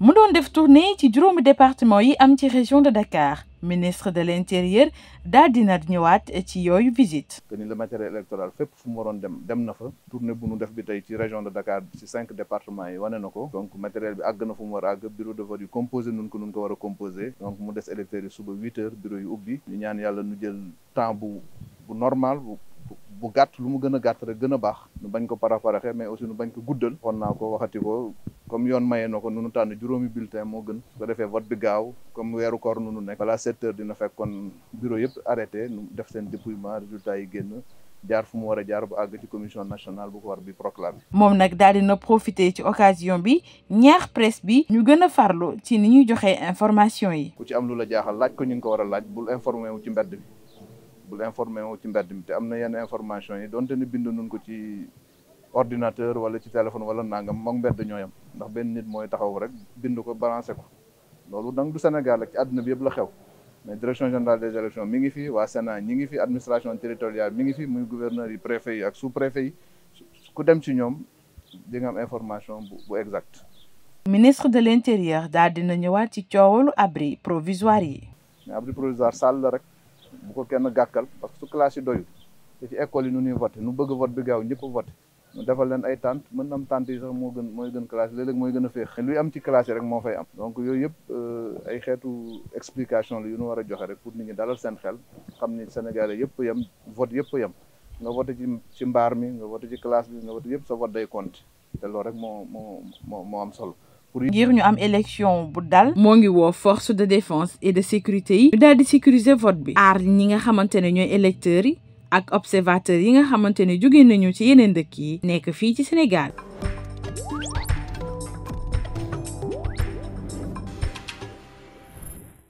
mu doon def tournée ci juróomi département yi am ci région de Dakar ministre de l'intérieur daal dina ñëwaat ci yooyu visite. que ni le matériel électoral fépp fu mu waroon dem dem na fa tournée bu nu def bi tey ci région de Dakar ci cinq département yi wane na ko. donc matériel bi àgg na fu mu war a àgg bureau de vote yu composé nun ko nun ko war a composé. donc mu des électeurs yi suba huit heures bureau yu ubbi. ñu ñaan yàlla nu jël temps bu bu normal bu. bu gàtt lu mu gën a gàtt rek gën a baax nu bañ ko paraparaxe mais aussi nu bañ ko guddal xoon naa ko waxati ko comme yoon mayee na ko nu nu tànn juróomi bulletin moo gën su ko defee vote bi gaaw comme weeru koor nu nu nekk balaa sept dina fekk kon bureau yëpp arrêté nu def seen dépouillement résultat yi génn jaar fu mu war a jaar bu àgg ci commission nationale bu ko war bi proclamé. moom nag daal dina profité ci occasion bi ñaax presse bi. ñu gën a farlu ci ni ñuy joxe information yi. ku ci lu la jaaxal laaj ñu ngi ko war laaj bul informé wu bul informé wu ci mbedd mi te am na yenn information yi donte ne bind nun ko ci ordinateur wala ci téléphone wala nangam moom mbedd ñooyam ndax benn nit mooy taxaw rek bind ko balancé ko loolu donc du Sénégal rek ci àdduna bi yëpp la xew mais direction générale des élections mi ngi fi waa Sénat ñi ngi fi administration territoriale mi ngi fi muy gouverneur yi préfet yi ak sous préfet yi ku dem ci ñoom di am information bu bu exact ministre de l'intérieur daal dina ñëwaat ci coowalu abri provisoire yi. mais abri provisoire rek. bu ko kenn gàkkal parce que su classe yi doyu te ci école yi nu nuy voté nu bëgg vote bi gaaw ñëpp voté mu defal leen ay tànt mën na am tànt yi sax moo gën mooy gën classe léeg-léeg mooy gën a féex luy am ci classe yi rek moo fay am donc yooyu yëpp euh, ay xeetu explication la yu nu war a joxe rek pour nit ñi dalal seen xel xam ni Sénégalais yëpp yem vote yëpp yem nga voté ci ci mbaar mi nga voté ci classe bi nga voté yëpp sa vote day compte te loolu rek moo moo moo moo am solo pour ngir ñu am élection bu dal moo ngi woo force de défense et de sécurité yi ñu daal di sécuriser vote bi aar ñi nga xamante ne ñooy électeurs yi ak observateurs yi nga xamante ne jóge nañu ci yeneen dëkk yi nekk fii ci Sénégal